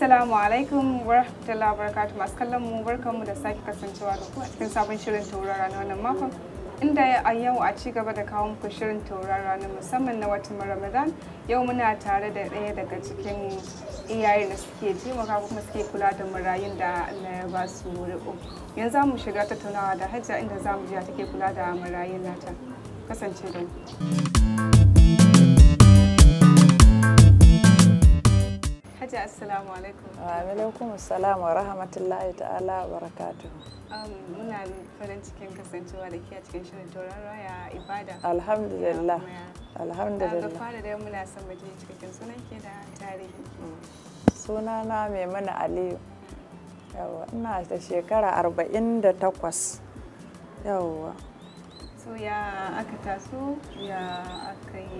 Assalamu alaikum wa rahmatullahi wa barakatuh masu kallon mu barkanmu da sake kasancewa da ku a cikin sabon shirin taurara na wannan makon inda a yau a ci gaba da kawo muku shirin taurara na musamman na watan Ramadan yau muna tare da ɗaya daga cikin iyaye da suke taimaka kuma suke kula da marayun da Allah ya ba su riƙo? yanzu za mu shiga tattaunawa da Hajja inda za mu je take kula da marayun nata kasance da mu assalamu alaikum wa alaikum assalam wa rahmatullahi ta'ala wa barakatuh um, muna farin cikin kasancewa da ke a cikin shirin tauraron raya ibada alhamdulillah alhamdulillah ga fara da muna son mu ji cikakken sunan ke da tarihi mm. sunana mana aliyu yawa ina da shekara 48 yawa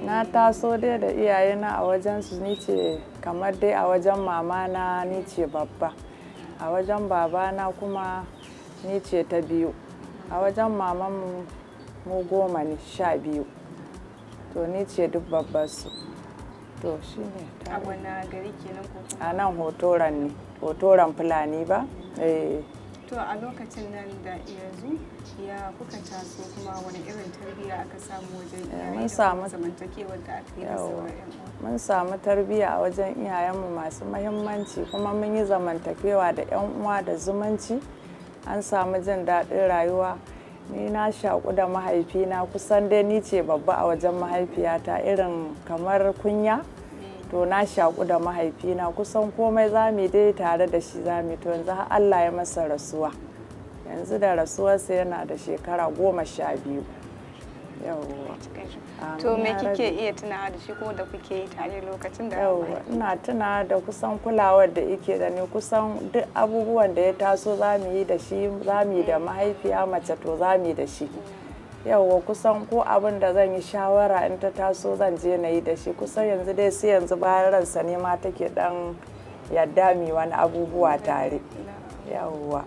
Na taso dai da iyayena a wajen su ni ce kamar dai a wajen mama na ni ce babba. A wajen baba na kuma ni ce ta biyu. A wajen maman mu goma ne sha biyu. To ni ce duk babbar su. To shi ne. A wani gari kenan ko A nan hotoran ne. Hotoran Fulani ba? Eh. to a lokacin nan da yanzu ya kuka taso kuma wani irin tarbiyya aka samu wajen eh, iyaye zamantakewar da aka yi da mun samu tarbiyya a wajen iyayenmu masu mahimmanci kuma mun yi zamantakewa da 'yan uwa da zumunci an samu jin daɗin rayuwa ni na shaƙu da mahaifina kusan dai ni ce babba a wajen mahaifiyata irin kamar kunya to na shaku da mahaifina kusan komai za mu dai tare da shi za mu to yanzu Allah ya masa rasuwa yanzu da rasuwarsa yana da shekara goma sha biyu to me kike iya tunawa da shi ko da kuke yi tare lokacin da yawwa ina tuna da kusan kulawar da yake da ni kusan duk abubuwan da ya taso za mu yi da shi za mu yi da mm. mahaifiya mace to za mu yi da shi mm. yauwa kusan ko abin da zan yi shawara in ta taso zan je na yi da shi kusan yanzu dai sai yanzu bayan ransa ne ma take dan yadda mi wani abubuwa tare yauwa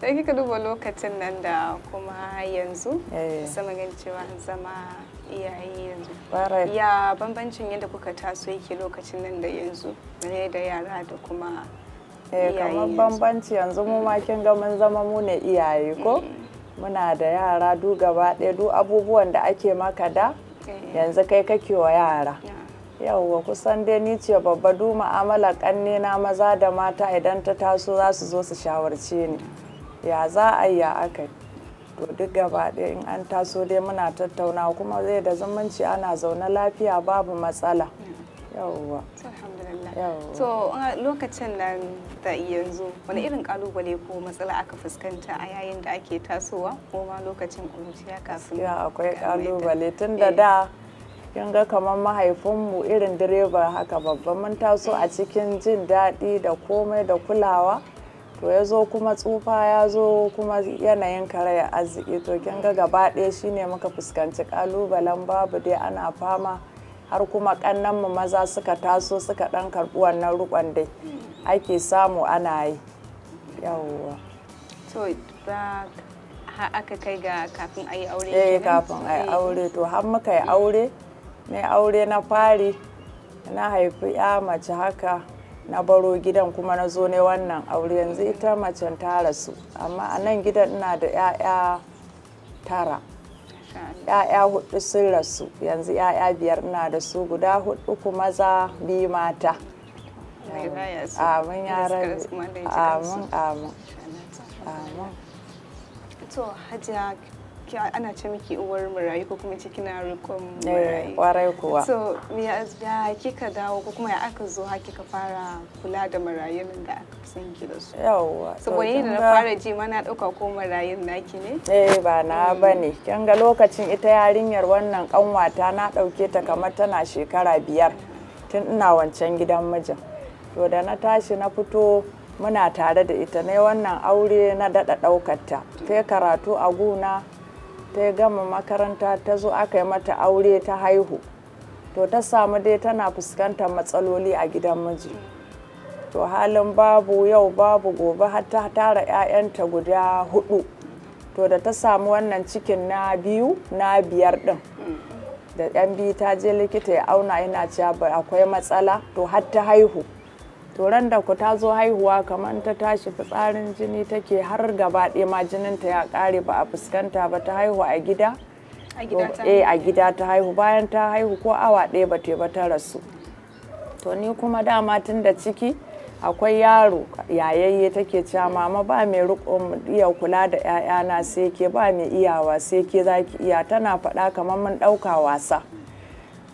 sai kika duba lokacin nan da kuma yanzu eh. sama gan cewa zama iyaye yanzu ya bambancin yadda kuka taso yake lokacin nan da yanzu ne da yara da kuma eh, kamar bambanci yanzu mu ma kin ga mun zama mu ne iyaye ko mm. muna da yara du gaba ɗaya duk abubuwan da ake maka da eh. yanzu kai kake wa yara yauwa kusan dai ni ce babba duk ma'amala kanne na maza da mata idan ta taso za su zo su shawarce ni ya za a yi ya aka to duk gaba ɗaya in an taso dai muna tattaunawa kuma zai da zumunci ana zaune lafiya babu matsala. yawwa alhamdulillah to lokacin nan da yanzu wani irin kalubale ko matsala aka fuskanta a yayin da ake tasowa ko ma lokacin kuruciya kafin ya akwai kalubale tun da eh. da kin ga kamar mahaifinmu irin direba haka babban mun taso a cikin jin daɗi da komai da kulawa to ya zo kuma tsufa ya zo kuma yanayin karaya arziki to kin ga gaba ɗaya shine muka fuskanci kalubalen babu dai ana fama har kuma mu maza suka taso suka ɗan karɓi wannan rukon dai ake samu ana yi yawwa to aka kai ga kafin a yi aure eh kafin a yi eh. aure to har muka yi aure ne aure na fari na haifi ya mace haka na baro gidan kuma na zo ne wannan aure yanzu ita macen ta rasu amma a nan gidan ina da 'ya'ya tara 'ya'ya hudu sun rasu yanzu 'ya'ya biyar na da su guda hudu kuma za biyu mata amin yaran amin amin amin to hajiya ki ana ce miki uwar marayu ko kuma ce kina rikon eh, marayu kwarai kuwa so ya kika dawo ko kuma ya aka zo ha ka fara kula da marayun da aka san ki da su yawa saboda yadda na fara ji mana dauka ko marayun naki ne eh ba na eh. bane kin ga lokacin ita yarinyar wannan kanwata na dauke ta kamar tana shekara biyar tun ina wancan gidan mijin to da na tashi na fito muna tare da ita ne wannan aure na daɗa ɗaukarta ta karatu a guna ta gama makaranta ta zo aka yi mata aure ta haihu to ta samu dai tana fuskantar matsaloli a gidan miji to halin babu yau babu gobe har ta tara 'ya'yanta guda hudu to da ta samu wannan cikin na biyu na biyar din da yan biyu ta je likita ya auna yana cewa akwai matsala to har ta haihu turan da ku ta zo haihuwa kamar ta tashi fitsarin jini take har gaba ɗaya ma jininta ya ƙare ba a fuskanta ba ta haihu a gida a gida ta eh, haihu bayan ta haihu ko awa ɗaya ba ta ta rasu to ni kuma dama tun da ciki akwai yaro yayayye take cewa mama ba mai rikon iya kula da 'ya'yana sai ke ba mai iyawa sai ke za iya tana faɗa kamar mun ɗauka wasa.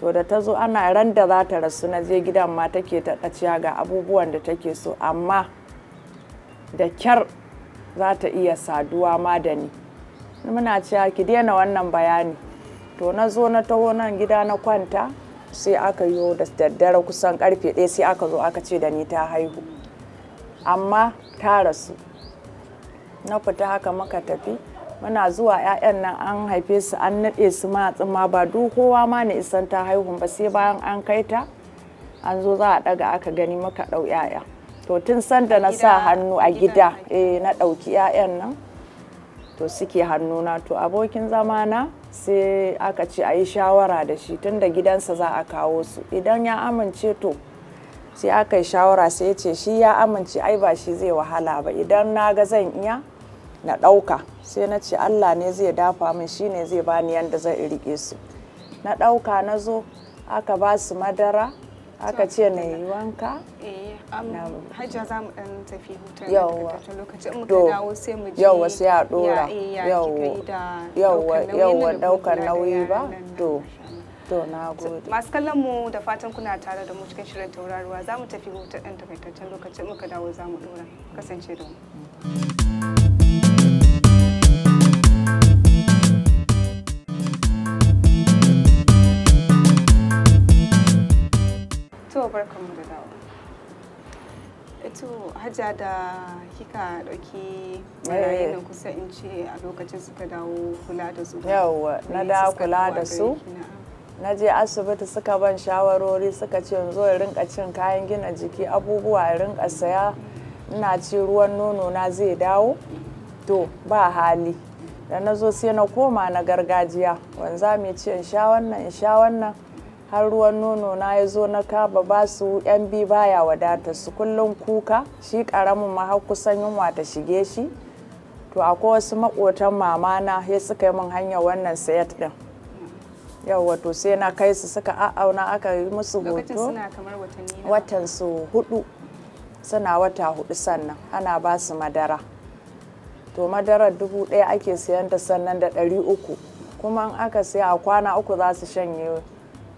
to da ta zo ana ran da za ta rasu na je gidan ma take ta ga abubuwan da take so amma da kyar za ta iya saduwa ma da ni muna cewa ki daina wannan bayani to na zo na taho nan gida na kwanta sai aka yi da daddare kusan karfe ɗaya sai aka zo aka ce da ni ta haihu amma ta rasu na fita haka maka tafi muna zuwa ƴaƴan nan an haife su an naɗe su ma ba duk kowa ma ne isan ta haihu ba sai bayan an kai ta an zo za a ɗaga aka gani maka ɗau 'ya'ya to tun sanda na sa hannu a gida eh na ɗauki ƴaƴan nan to suke hannuna to abokin zamana sai aka ce a yi shawara da shi tun da gidansa za a kawo su idan ya amince to sai aka yi shawara sai ya ce shi ya amince ai ba shi zai wahala ba idan na ga zan iya na ɗauka sai na ce allah ne zai dafa min shine zai bani yadda zai riƙe su na ɗauka na zo aka ba su madara aka ce na yi wanka eh, um, hajja za mu dan tafi hutun lokaci in muka dawo sai mu je yawa sai a dora yawa yawa daukar nauyi ba to to na gode masu kallon mu da fatan kuna tare da mu cikin shirin tauraruwa za mu tafi hutun da takaitaccen lokaci in muka dawo za mu dora kasance da mu hajja da kika dauki yayin eh. kusa in ce a lokacin suka dawo kula da su yawwa na da kula da su na je asibiti suka ban shawarori suka ce zo in rinka cin kayan gina jiki abubuwa in rinka saya ina ci ruwan nono na zai dawo to ba hali da na zo sai na koma na gargajiya wanza mai ce in sha wannan in sha wannan har ruwan nono na ya zo na kaba ba su yan bi baya wadata su kullum kuka shi karamin ma har kusan yunwa ta shige shi to akwai wasu makotan mama na ya suka yi min hanyar wannan sayat din yau wato sai na kai su suka a'auna aka yi musu hoto watan su hudu suna wata hudu sannan ana ba su madara to madarar dubu ɗaya ake sayan ta sannan da ɗari uku kuma in aka sai a kwana uku za su shanye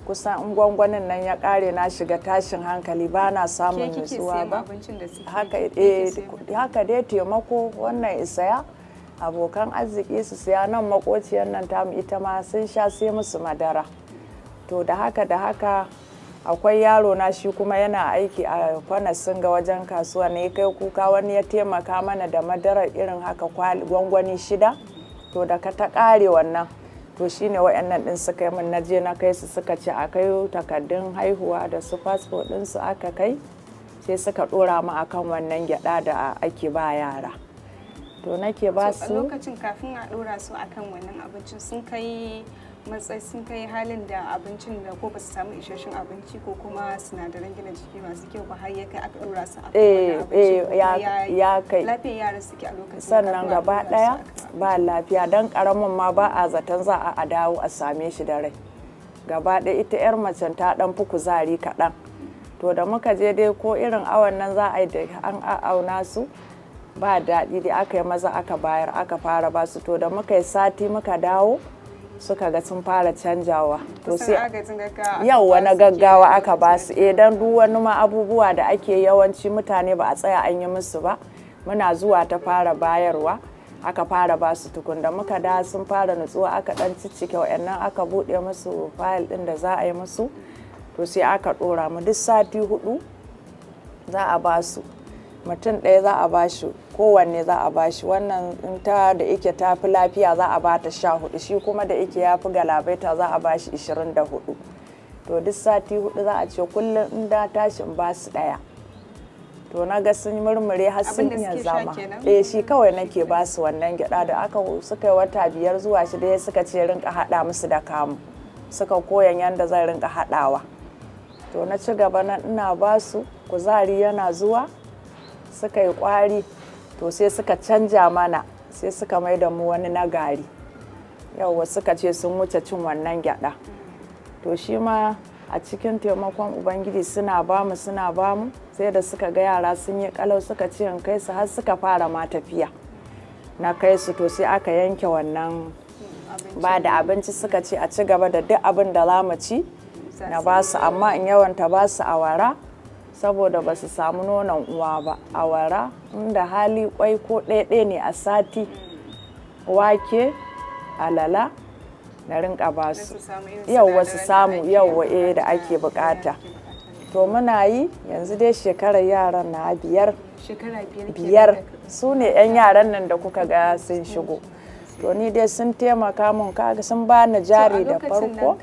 kusan in gwangwanin nan ya kare na shiga tashin hankali ba na samun nutsuwa ba eh, haka dai taimako wannan isaya abokan arziki su siya nan makociyar nan tamu ita ma sun sha sai musu madara to da haka da haka akwai yaro na shi kuma yana aiki a kwanasin ga wajen kasuwa ne kai kuka wani ya taimaka mana da madarar irin haka gwangwani shida to da ka ta kare wannan to shine wayannan ɗin suka yi na je na kai su suka ci a kai takardun haihuwa da su fasfo ɗinsu aka kai sai suka ɗora mu akan wannan gyada da ake ba yara to nake ba su lokacin kafin a ɗora su akan wannan abincin sun kai matsayi sun kai halin da abincin da ko ba su samu isasshen abinci ko kuma sinadaran gina jiki masu kyau ba har ya kai aka ɗora su a eh, abinci eh, ya kai lafiyar yara suke a lokacin sannan gaba ɗaya ba lafiya don karamin ma ba a zaton za a dawo a same shi da rai gaba ɗaya ita 'yar macen ta ɗan fi kuzari kaɗan to da muka je dai ko irin awon nan za a yi da an auna su ba daɗi dai aka yi maza aka bayar aka fara basu to da muka yi sati muka dawo suka ga sun fara canjawa to sai yauwa na gaggawa aka ba su eh dan duk wani ma abubuwa da ake yawanci mutane ba a tsaya an yi musu ba muna zuwa ta fara bayarwa aka fara ba su tukun da muka da sun fara nutsuwa aka dan ciccike wa'annan aka buɗe musu fayil ɗin da za a yi musu to sai aka ɗora mu duk sati hudu za a ba su mutum ɗaya za a ba shi kowanne za a ba shi wannan ta da ike ta fi lafiya za a ba ta sha hudu shi kuma da ike ya fi galabaita za a bashi ishirin da hudu to duk sati hudu za a ce kullum in da tashin ba su daya to na ga sun murmure har sun iya zama eh shi kawai nake ba su wannan gyada da aka suka yi wata biyar zuwa shi ya suka ce rinka hada musu da kamu suka koyan yadda zan rinka hadawa to na ci gaba na ina ba su kuzari yana zuwa suka yi kwari to sai suka canja mana sai suka mai da mu wani na gari yauwa suka ce sun wuce cin wannan gyada to shi ma a cikin taimakon ubangiji suna bamu suna bamu sai da suka ga yara sun yi kalau suka ce in kai su har suka fara ma tafiya na kai su to sai aka yanke wannan ba da abinci suka ce a ci gaba da duk abin da za mu ci na basu amma in yawanta basu awara saboda ba su samu nonon uwa ba awara inda hali kwai ko ɗaya ne a sati wake alala na rinka ba su yauwa su samu yauwa eh da ake bukata to muna yi yanzu dai shekarar yaran na biyar biyar su ne 'yan yaran nan da kuka ga sun shigo to ni dai sun taimaka mun kaga sun bani jari da farko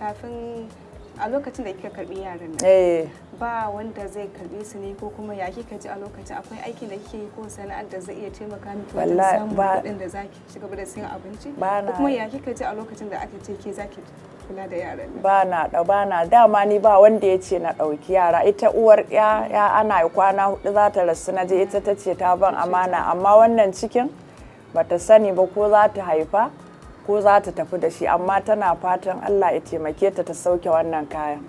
a lokacin da kika karbi yaran nan eh. ba wanda zai karbe su ne ko kuma ya kika ji a lokacin akwai aikin da kike yi ko sana'ar da zai iya taimaka miki wajen samun kuɗin da zaki ci gaba da sayan abinci ko kuma ya kika ji a lokacin da aka ce ke zaki kula da yaran nan ba na da ba na dama ni ba wanda ya ce na ɗauki yara ita uwar ya ya ana kwana hudu za ta rasu na je ita ta ce ta ban amana amma wannan cikin bata sani ba ko za ta haifa ko za ta tafi da shi amma tana fatan allah ya taimake ta ta sauke wannan kayan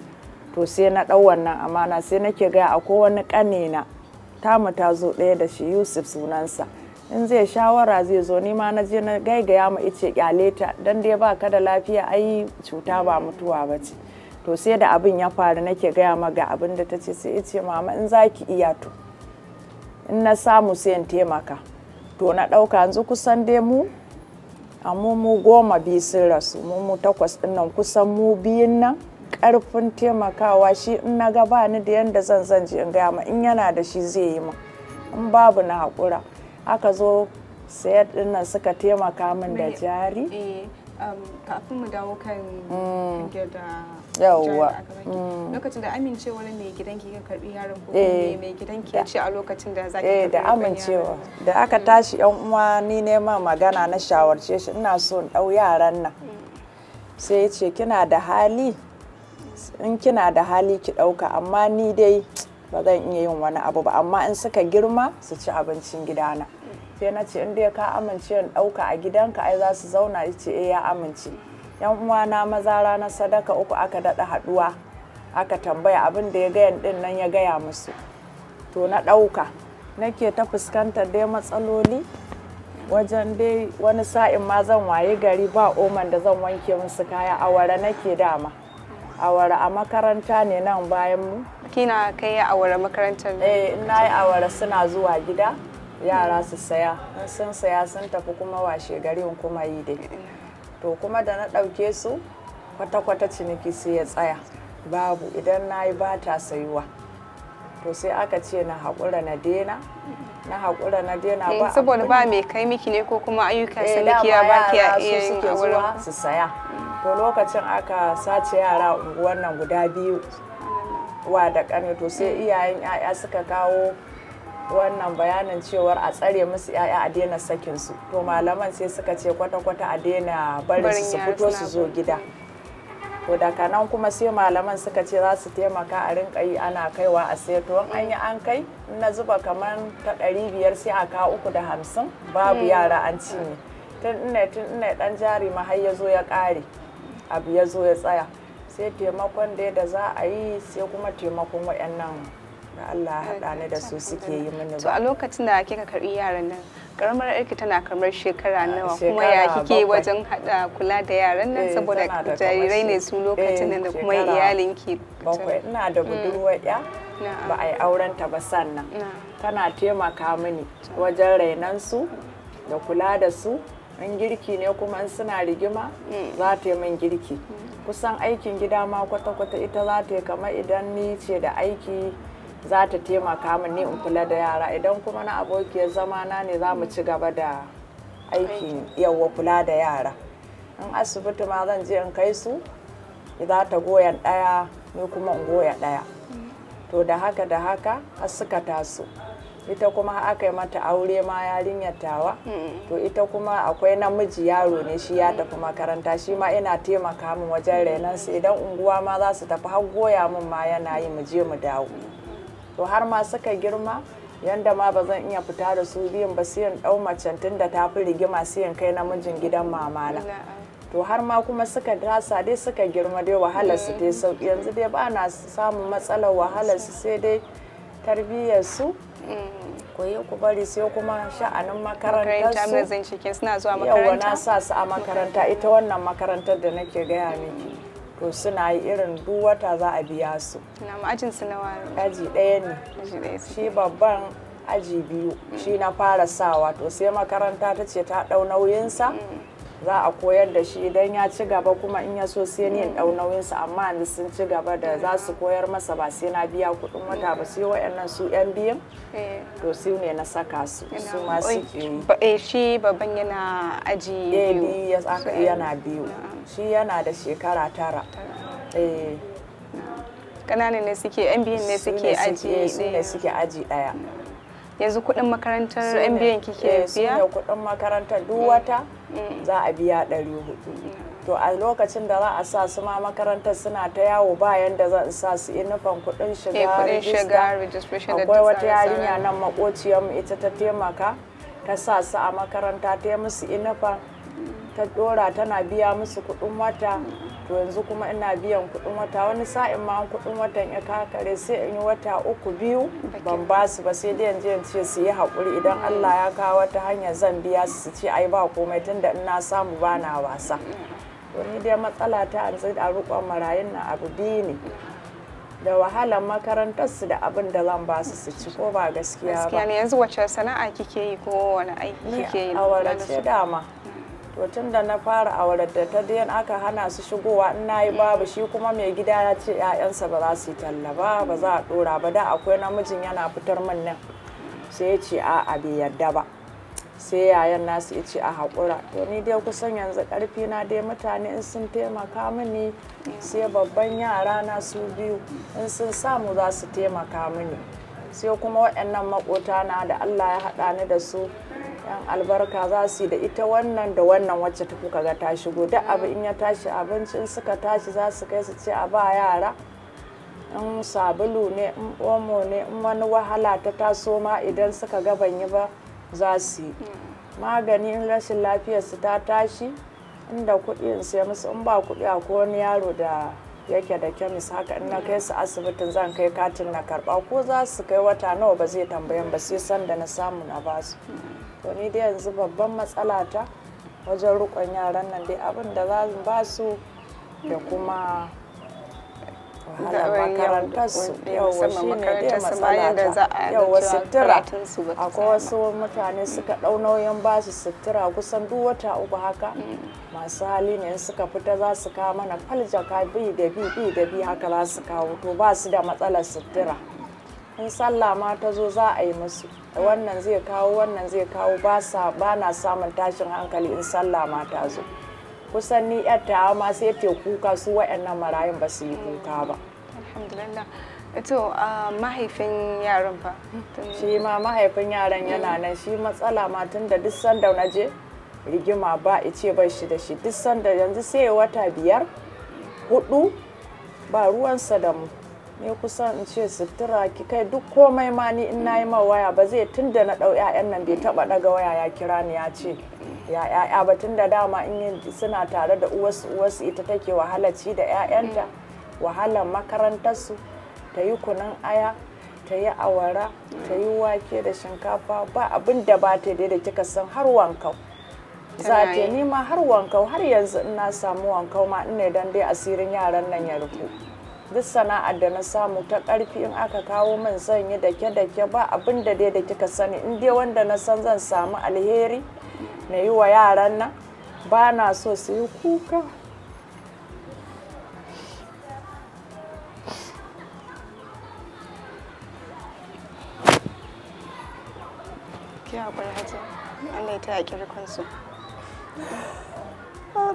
to sai na ɗau wannan amana sai nake gaya a wani ƙanina tamu ta zo ɗaya da shi yusuf sunansa in zai shawara zai zo ni ma na je na gaigaya mu ice kyale ta dan dai ba ka da lafiya ai cuta ba mutuwa ba ce to sai da abin ya faru nake gaya ma ga abin da ta ce sai ice mama in za ki iya to in na samu sai in taimaka to na ɗauka yanzu kusan dai mu amma mu goma biyu sun rasu mu mu takwas ɗin nan kusan mu biyun nan ƙarfin taimakawa shi in na gaba ni da yanda zan zan je in gaya ma in yana da shi zai yi ma in babu na haƙura aka zo sayar ɗin nan suka taimaka min da jari eh. Um, kafin mu dawo kan mm. kungiyar da yawwa mm. lokacin da amincewar mai gidanki ka karbi yaron ko eh. mai gidanki ya ce a lokacin da ki eh da amincewa da aka mm. tashi yan uwa ni ne ma magana na shawarce shi ina so in dau yaran nan sai ya ce kina da hali in kina da hali ki dauka amma ni dai ba zan iya yin wani abu ba amma in suka girma su ci abincin gidana. sai na ce inda ka amince in ɗauka a gidanka ai za su zauna ya ce eh, ya amince yan uwa na maza ranar sadaka uku aka daɗa haɗuwa aka tambaya abin da ya gaya ɗin nan ya gaya musu to na ɗauka nake ta fuskantar dai matsaloli wajen dai wani sa'in ma zan waye gari ba oman da zan wanke musu kaya awara nake dama awara a makaranta ne nan bayan mu kina kai awara makarantar eh ina yi awara suna zuwa gida yara su saya sun saya sun tafi kuma washe garin kuma yi da to kuma da na ɗauke su kwata-kwata ciniki sai ya tsaya babu idan na yi ba ta sayuwa to sai aka ce na haƙura na dena na haƙura na dena ba eh, saboda ba mai kai miki ne ko kuma ayyuka eh, sanikiya ba ki a iya yin zuwa su saya to lokacin aka sace yara unguwar nan guda biyu wa da ƙane to sai mm. iyayen 'ya'ya suka kawo wannan bayanin cewar a tsare musu yaya a daina sakin su to malaman sai suka ce kwata-kwata a daina barin su fito su zo gida to daga nan kuma sai malaman suka ce za su taimaka a rinka yi ana kaiwa a sai to an yi an kai na zuba kamar ta ɗari biyar sai a kawo uku da hamsin babu hmm. yara an cinye tun ina tun ina dan jari ma har ya zo ya ƙare abu ya zo ya tsaya sai taimakon dai da za a yi sai kuma taimakon waɗannan Allah haɗa ni da su suke yi mini ba. a lokacin da kika karɓi yaran nan karamar yarki tana kamar shekara nawa kuma ya kike wajen haɗa kula da yaran nan eh, saboda jarirai ne su lokacin da eh, kuma ki. Bakwai ina da mm. budurwar ya ba a yi aurenta ba sannan. Tana taimaka mini wajen rainan su da kula da su in girki ne kuma in suna rigima mm. za ta yi min girki. Mm. Kusan aikin gida ma kwata-kwata ita za ta yi kamar idan ni ce da aiki za ta taimaka min ni in kula da yara idan kuma na abokiyar na ne za mu ci gaba da aikin yawa kula da yara in asibiti ma zan je in kai su za ta goya ɗaya ni kuma in goya ɗaya to da haka da haka har suka taso ita kuma aka yi mata aure ma yarinyar tawa to ita kuma akwai namiji yaro ne shi ya tafi makaranta shi ma ina taimaka min wajen renansu idan unguwa ma za su tafi har goya min ma yana yi mu je mu dawo to har ma suka girma yanda ma ba zan iya fita da su biyun ba siyan ɗau macen tun da ta fi rigima siyan kai namijin gidan mamana to har ma kuma suka tasa dai suka girma dai wahalar su dai sauki yanzu dai ba na samun matsalar wahalar su sai dai tarbiyyar su mm. ku ku bari sai kuma sha'anin makarantar su yawa na sa su a makaranta ita wannan makarantar da nake gaya miki to suna yi irin duk wata za a biya su na ma'ajin su nawa aji ɗaya ne shi babban aji biyu shi na fara sawa to sai makaranta ta ce ta ɗau nauyinsa mm. za a koyar da shi idan ya ci gaba kuma in ya so sai ni in dau nauyinsa amma yanzu sun ci gaba da za su koyar masa ba sai na biya kuɗin wata ba sai wayannan su yan biyan eh. to su ne na saka su su ma su eh, shi babban yana aji eh, biyu yana biyu shi yana da shekara tara kananan ne suke yan biyun ne suke aji su ne suke aji daya yanzu kuɗin makarantar yan biyun kike biya su ne kuɗin makarantar duk wata za a biya ɗari hudu to a lokacin da za a sa su ma makarantar suna ta yawo bayan da za a sa su inufan kudin shiga eh, akwai wata yarinya nan makociyarmu ita ta taimaka ta sa su a makaranta ta yi musu inufan ta dora tana biya musu kudin wata to yanzu kuma ina biyan kuɗin wata wani sa'in ma kuɗin watan ya kakare sai in yi wata uku biyu ban ba su ba sai dai yanzu ce su yi haƙuri idan mm. Allah ya kawo wata hanya zan biya su su ce ai ba komai tunda ina samu bana wasa mm. to ni dai matsala ta yanzu a rukon marayun na abu biyu ne da wahalar makarantar su da abin da zan ba su su ci ko ba gaskiya ba gaskiya ne yanzu wacce sana'a kike yi ko wani aiki kike yi a dama mm. to tun da na fara aurar da ta den aka hana su shigowa in na yi babu shi kuma mai gida ya ce 'ya'yansa ba za su yi talla ba ba za a dora ba da akwai namijin yana fitar min nan sai ya ce a'a bai yarda ba sai yayan nasu ya ce a haƙura to ni dai kusan yanzu ƙarfi na dai mutane in sun taimaka mini sai babban yara na su biyu in sun samu za su taimaka mini sai kuma waɗannan maƙota na da allah ya haɗa ni da su yan albarka za su da ita wannan da wannan wacce ta kuka ga ta shigo duk abu in ya tashi abincin suka tashi za su kai su ce a ba yara in sabulu ne in omo ne in wani wahala ta taso ma idan suka ga ban yi ba za su yi magani in rashin lafiyarsu ta tashi inda kuɗi in sai musu in ba kuɗi a wani yaro da yake da kemis haka in na kai su asibitin zan kai katin na karba ko za su kai wata nawa ba zai tambayan ba sai sanda na samu na basu. to ni dai yanzu babban matsala ta wajen rukon yaran nan dai abin da za ba su da kuma wahalar makarantarsu yawa shi ne dai matsala matsalata yawa sutura akwai wasu mutane suka ɗau nauyin ba su sutura kusan duk wata uku haka mm. masu hali ne suka fita za su kawo mana faljaka bi da bi bi da bi haka za su kawo to ba su da matsalar sutura. in sallah ma ta zo za a yi musu wannan zai kawo wannan zai kawo ba na samun tashin hankali in sallah ma ta zo kusan ni ta ma sai ta kuka su waɗannan marayun ba su yi kuka ba alhamdulillah to ah, mahaifin yaran fa shi ma mahaifin yaran yana nan shi matsala ma tun da duk sanda na je rigima ba a ce bai shi da shi duk sanda yanzu sai wata biyar hudu ba ruwansa da mu ni kusan in ce sutura ki kai duk komai ma ni in nayi ma waya ba zai tunda na dau yayan nan bai taba daga waya ya kira ni ya ce ya yaya ba tunda dama in suna tare da uwarsu uwasu ita take wahalaci da ƴaƴanta wahalan makarantar su ta yi kunan aya ta yi awara ta yi wake da shinkafa ba abin da ba ta da kika san har wankau za ta nima har wankau har yanzu ina samu wankau ma ina dan dai asirin yaran nan ya rufu duk sana'ar da na samu ta karfi in aka kawo min zan yi da ke ba abin da dai da kika sani in dai wanda na san zan samu alheri na yi wa yaran nan ba na so su yi kuka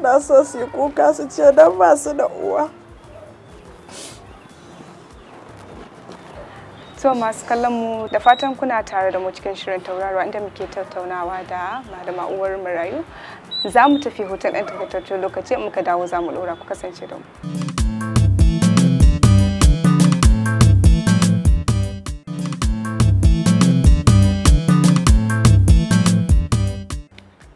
na so su yi kuka su ce don masu da uwa so masu kallon mu da fatan kuna tare da mu cikin shirin tauraro inda muke tattaunawa da malama uwar marayu. Za mu tafi hutun ɗan takaitaccen lokaci in muka dawo za mu ɗora ku kasance da mu.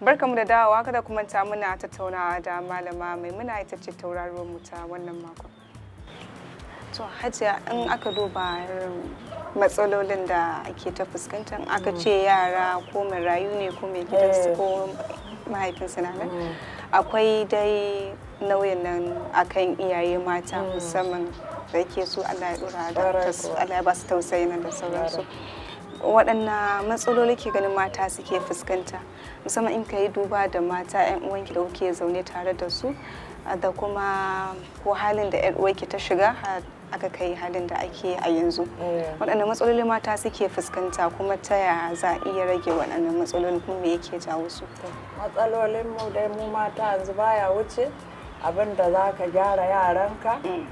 Barkamu da dawowa kada kuma ta muna tattaunawa da malama maimuna ita ce tauraruwar mu ta wannan makon. to hajiya in aka duba matsalolin da ake ta fuskanta aka ce yara ko rayu ne ko mai gidansu ko eh. mahaifinsu na nan mm. akwai dai nauyin nan akan iyaye mata mm. musamman da yake su Allah ya dora da Allah ya ba su tausayi nan da sauransu waɗannan matsaloli ke ganin mata suke fuskanta musamman in ka yi duba da mata 'yan uwanki da kuke zaune tare da su da kuma ko halin da 'yan uwanki ta shiga aka kai halin da ake a yanzu mm. waɗanne matsaloli mata suke fuskanta kuma ta yaya za a iya rage waɗannan matsaloli kuma me yake jawo su matsalolin mu dai mu mata yanzu baya wuce abin da za ka gyara yaranka mm.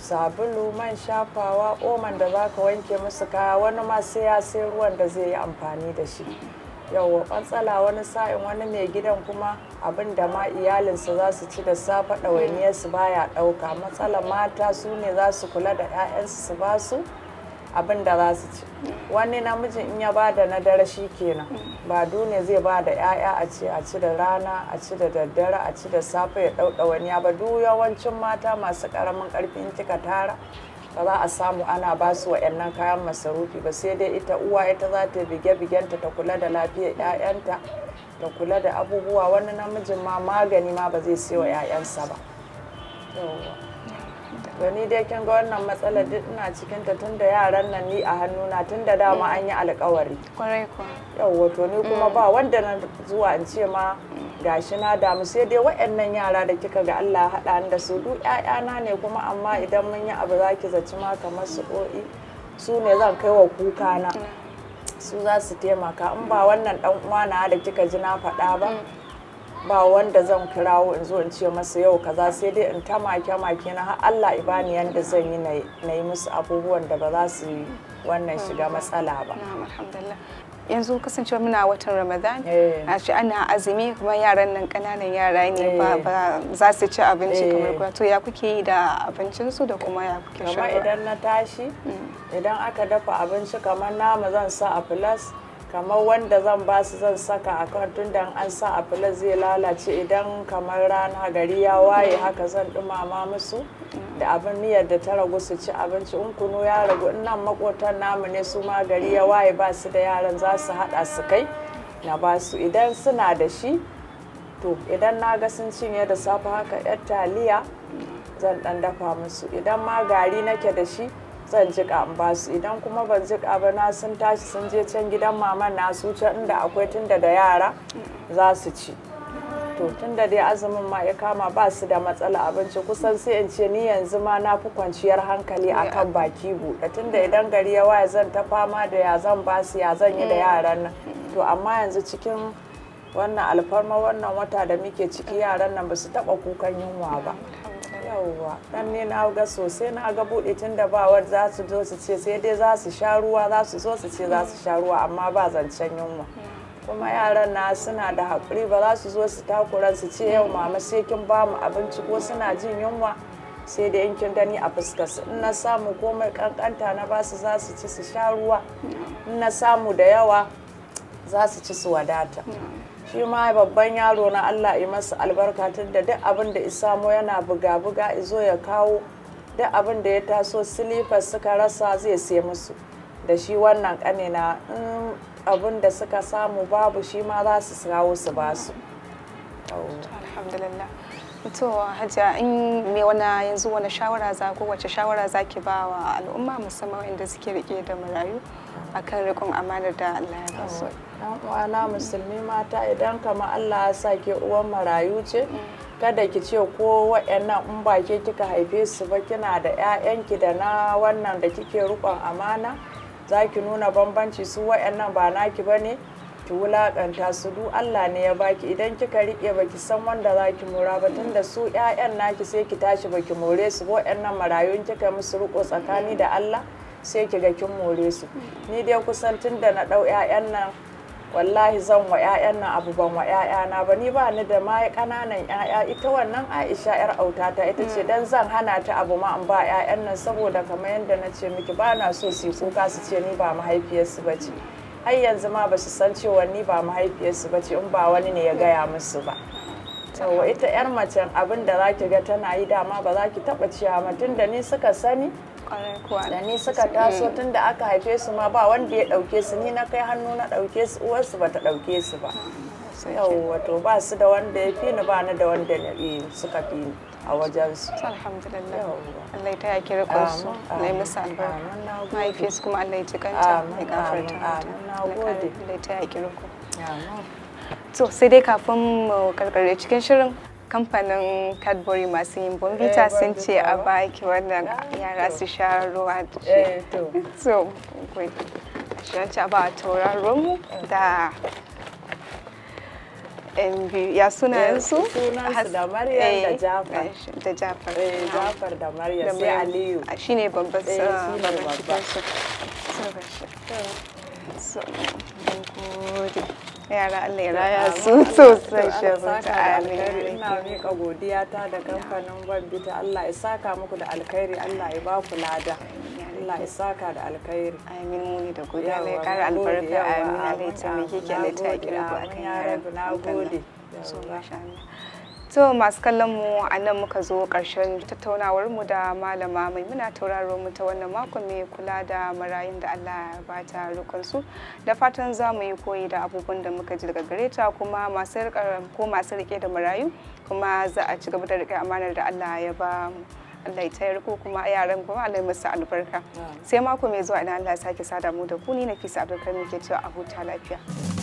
sabulu man shafawa oman da za ka wanke musu kaya wani ma sai ya sai ruwan da zai yi amfani da shi mm. yawa matsala wani sa'in wani mai gidan kuma abin da ma iyalinsa za su ci da safe ɗawainiyarsu baya ɗauka matsala mata su ne za su kula da 'ya'yansu su ba su abin da za su ci wani namijin in ya bada na dare shi kenan ba dune zai ba da 'ya'ya a ci a ci da rana a ci da daddare a ci da safe ya ɗauɗa wani ba duk yawancin mata masu ƙaramin ƙarfin kika tara ba za a samu ana ba su wa'annan kayan masarufi ba sai dai ita uwa ita za ta bige bigenta ta kula da lafiyar 'ya'yanta ta kula da abubuwa wani namijin ma magani ma ba zai siyo 'ya'yansa ba gani dai kin ga wannan matsalar duk ina cikin ta tunda yaran nan ni a hannuna tunda dama an yi alkawari kwarai kwa to ni kuma mm. ba wanda na zuwa in ce ma gashi na damu sai dai waɗannan yara da kika ga Allah haɗa da su duk ƴaƴana ne kuma amma idan mun yi abu za ki zaci ma kamar su o'i su ne zan kai wa kuka na su za su taimaka in ba wannan dan na da kika ji na faɗa ba mm. ba wanda zan kirawo in zo in ce masa yau kaza sai dai in ta make make na har Allah i ibani yanda zan yi na yi musu abubuwan da ba za su yi wannan mm. shiga matsala ba. yanzu kasancewa muna watan ramadan eh. a ce ana azumi kuma yaran nan kananan yara ne eh. ba za su ci abinci eh. kamar kuwa to ya kuke yi da abincinsu da kuma ya kuke shirya idan na tashi mm. idan aka dafa abinci kamar nama zan sa a filas kamar wanda zan ba su zan saka a kan tunda an sa a fila zai lalace idan kamar rana gari ya waye haka zan dumama musu da abin miyar da ta ragu su ci abinci in kunu ya ragu in nan makotan namu ne su ma gari ya waye ba su da yaran za su haɗa su kai na ba su idan suna da shi to idan na ga sun cinye da safe haka yar taliya zan ɗan dafa musu idan ma gari nake da shi zan jika in ba su idan kuma ban jika ba na sun tashi sun je can gidan mama na su can inda akwai tunda da yara za su ci to tunda dai azumin ma ya kama ba su da matsala abinci kusan sai in ce ni yanzu ma na fi kwanciyar hankali akan baki buɗe tunda idan gari ya waya zan ta fama da ya zan ba su ya zan yi da yaran nan to amma yanzu cikin wannan alfarma wannan wata da muke ciki yaran nan ba su taɓa kukan yunwa ba yawwa dan ne na ga sosai na ga bude tun da bawar za su zo su ce sai dai za su sha ruwa za su zo su ce za su sha ruwa amma ba zancen yunwa kuma yaran na suna da haƙuri ba za su zo su takura su ce yau mama sai kin ba mu abinci ko suna jin yunwa sai da in kin gani a fuskar su in na samu komai kankanta na basu za su ci su sha ruwa in na samu da yawa za su ci su wadata shi ma babban yaro na Allah yi masa albarka tun da duk abin da isamo yana buga-buga izo ya kawo duk abin da ya taso silifas suka rasa zai sai musu da shi wannan kanina in abin da suka samu babu shi ma za su kawo su ba su alhamdulillah to in me wani yanzu wani shawara za ko wace shawara za ki ba wa al'umma musamman inda suke rike da marayu akan rikon amana da Allah ya basu dan uwana musulmi mata idan kama Allah ya sa ke uwan marayu ce kada ki ce ko waɗannan in ba ke kika haife su ba kina da 'ya'yanki da na wannan da kike rikon amana za ki nuna bambanci su wayannan ba naki ba ne ki wulaƙanta su du Allah ne ya baki idan kika riƙe ki san wanda za ki mora ba tun da su 'ya'yan naki sai ki tashi ba ki more su waɗannan marayun kika musu riƙo tsakani da Allah sai ki ga kin more su ni dai kusan tunda na ɗau ƴaƴan nan wallahi zan wa ƴaƴan nan abu ban wa na ba ni ba ni da ma kananan ƴaƴa ita wannan aisha 'yar autata ita ce mm. dan zan hana ta abu ma an ba ƴaƴan nan saboda kamar yadda na ce miki ba na so su kuka su ce ni ba mahaifiyar ba ce har yanzu ma ba su san cewa ni ba mahaifiyarsu ba ce in ba wani ne ya gaya musu ba yawa ita 'yar macen abin da za ki ga tana yi dama ba za ki taɓa ciya ma tun da ni suka sani da ni suka taso tun da aka haife su ma ba wanda ya ɗauke su ni na kai hannu na ɗauke su uwarsu ba ta ɗauke su ba yau wato ba su da wanda ya fi ni ba ni da wanda suka fi ni a wajen su. Alhamdulillah. Allah ta yaki rikon su. na ya musu albarka. Mahaifiyarsu kuma Allah ya ji kanta ya gafarta mata. Allah ta yaki riko. To sai dai kafin mu karkare cikin shirin kamfanin cadbury masu yin bungita sun ce a baki wannan yara su sha ruwa da shi a shi ba tauran romu da ya sunayensu sunansu da maryam da jafar da maryam sai aliyu shi ne babban cikinsu so yara Allah ya raya su sosai shabu ta alheri ina miƙa godiya ta da kamfanin bambita Allah ya saka muku da alkhairi Allah ya ba ku lada Allah ya saka da alkhairi amin muni da godiya Allah ya kara albarka amin Allah ya taimake ki Allah ta kira ku akan yaran na gode so masha Allah To masu kallon mu a nan muka zo ƙarshen tattaunawar mu da malama mai muna tauraro mu ta wannan makon mai kula da marayun da Allah ya bata su da fatan za mu yi koyi da abubuwan da muka ji daga gare ta kuma masu ko masu rike da marayu kuma za a ci gaba da rike amanar da Allah ya ba mu. Allah ya tayar ko kuma yaran kuma Allah ya musu albarka. Sai mako mai zuwa idan Allah ya sake sada mu da ku ni fisa Abdulkarim ke cewa a huta lafiya.